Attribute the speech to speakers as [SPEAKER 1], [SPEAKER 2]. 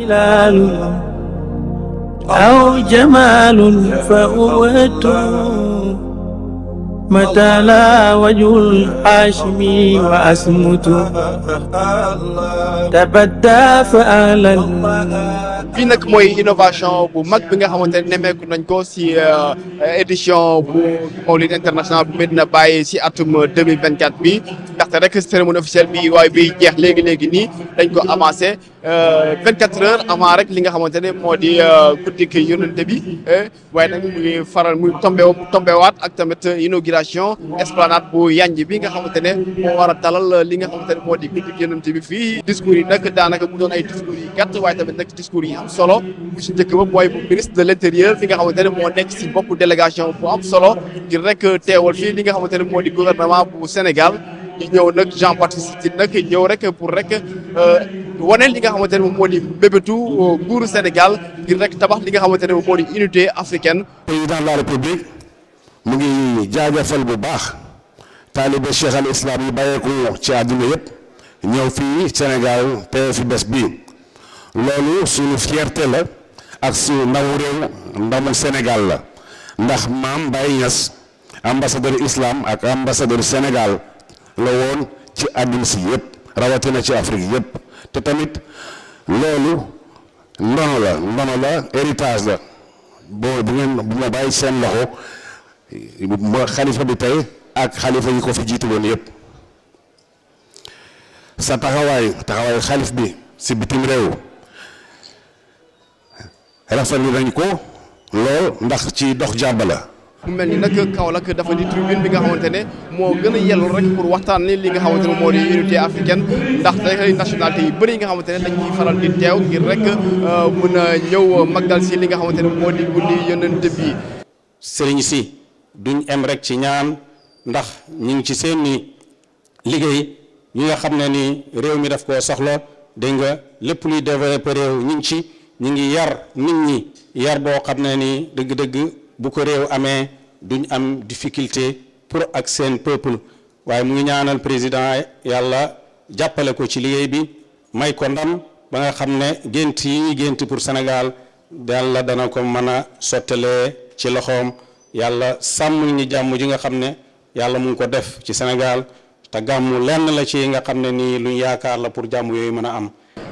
[SPEAKER 1] هلال أو جمال فأوت متى لا وجه الحاشم وأسمت تبدى فألا
[SPEAKER 2] fii nag mooy innovation bu mag bi nga xamantene nemeku nañ ko ci édition bu Mawlid international bu Medina Baye ci atum 2024 bi ndax rek cérémonie officielle bi way bi jeex legui legui ni dañ ko avancer 24 euh, heures avant rek li nga xamante ne moo di euh, guddik yonente bi euh, waaye nag mu ngi faral muy ak tamit inauguration esplanade bu yanj bi nga xamante ne moo war a dalal li nga xamante ne moo di guddik yonente bi fii discours yi nag daanaka mu doon ay discours yi gàtt waaye tamit nag discours yi am solo bu si njëkk ba mooy bu ministre de l' intérieur fi nga xamante ne moo nekk si bopp délégation bu am solo ngir rek teewal fii li nga xamante ne moo di gouvernement bu Sénégal di ñëw nag Jean Baptiste Tine nag ñëw rek pour rek waneen li nga xamante ne moom moo di bébétu euh, nguuru Sénégal ngir rek tabax li nga xamante ne moom moo di unité africaine. président de la république mu ngi jaajëfal bu baax taalibe cheikh al islam yi
[SPEAKER 3] bàyyeeku ci àdduna yëpp ñëw fii Sénégal teew fi bés bii loolu suñu fierté la ak suñu ndamu réew ndamu Sénégal la ndax maam Baye Niass ambassadeur islam ak ambassadeur Sénégal la woon ci àdduna si yëpp. rawatina ci Afrique yëpp te tamit loolu ndono la ndono la héritage la boo bu ngeen bu ma bàyyi seen loxo ma xalifa bi tey ak xalifa yi ko fi jiitu woon yëpp sa taxawaay taxawaayu xalif bi si bitim réew rafetlu nañ ko lool ndax ci dox jàmba
[SPEAKER 2] la mu mel ni nag Kaolack dafa di tribune bi nga xamante ne moo gën a yellul rek pour waxtaan ni li nga xamante ne moo di unité africaine ndax day nationalité yi bëri nga xamante ne dañ ciy faral di teew ngir rek euh, mën a ñëw magdal si li nga xamante ne moo di guddi yonent bi
[SPEAKER 1] sëriñ si duñ em rek ci ñaan ndax ñu ngi ci seeni liggéey yi nga xam ne ni réew mi daf koo soxla dégg nga lépp luy développé réew ñu ngi ci ñu ngi yar nit ñi yar boo xam ne ni dëgg-dëgg bu ko réew amee duñ am difficulté pour ak seen peuple waaye mu ngi ñaanal président yàlla jàppale ko ci liggéey bi may ko ndam ba nga xam ne gént yi ñuy gént pour Sénégal yàlla dana ko mën a sottalee ci loxoom yàlla sàmm ñi jàmm ji nga xam ne yàlla mu ko def ci Sénégal te gàmmu
[SPEAKER 2] lenn la ci nga xam ne nii luñ yaakaar la pour jàmm yooyu mën a am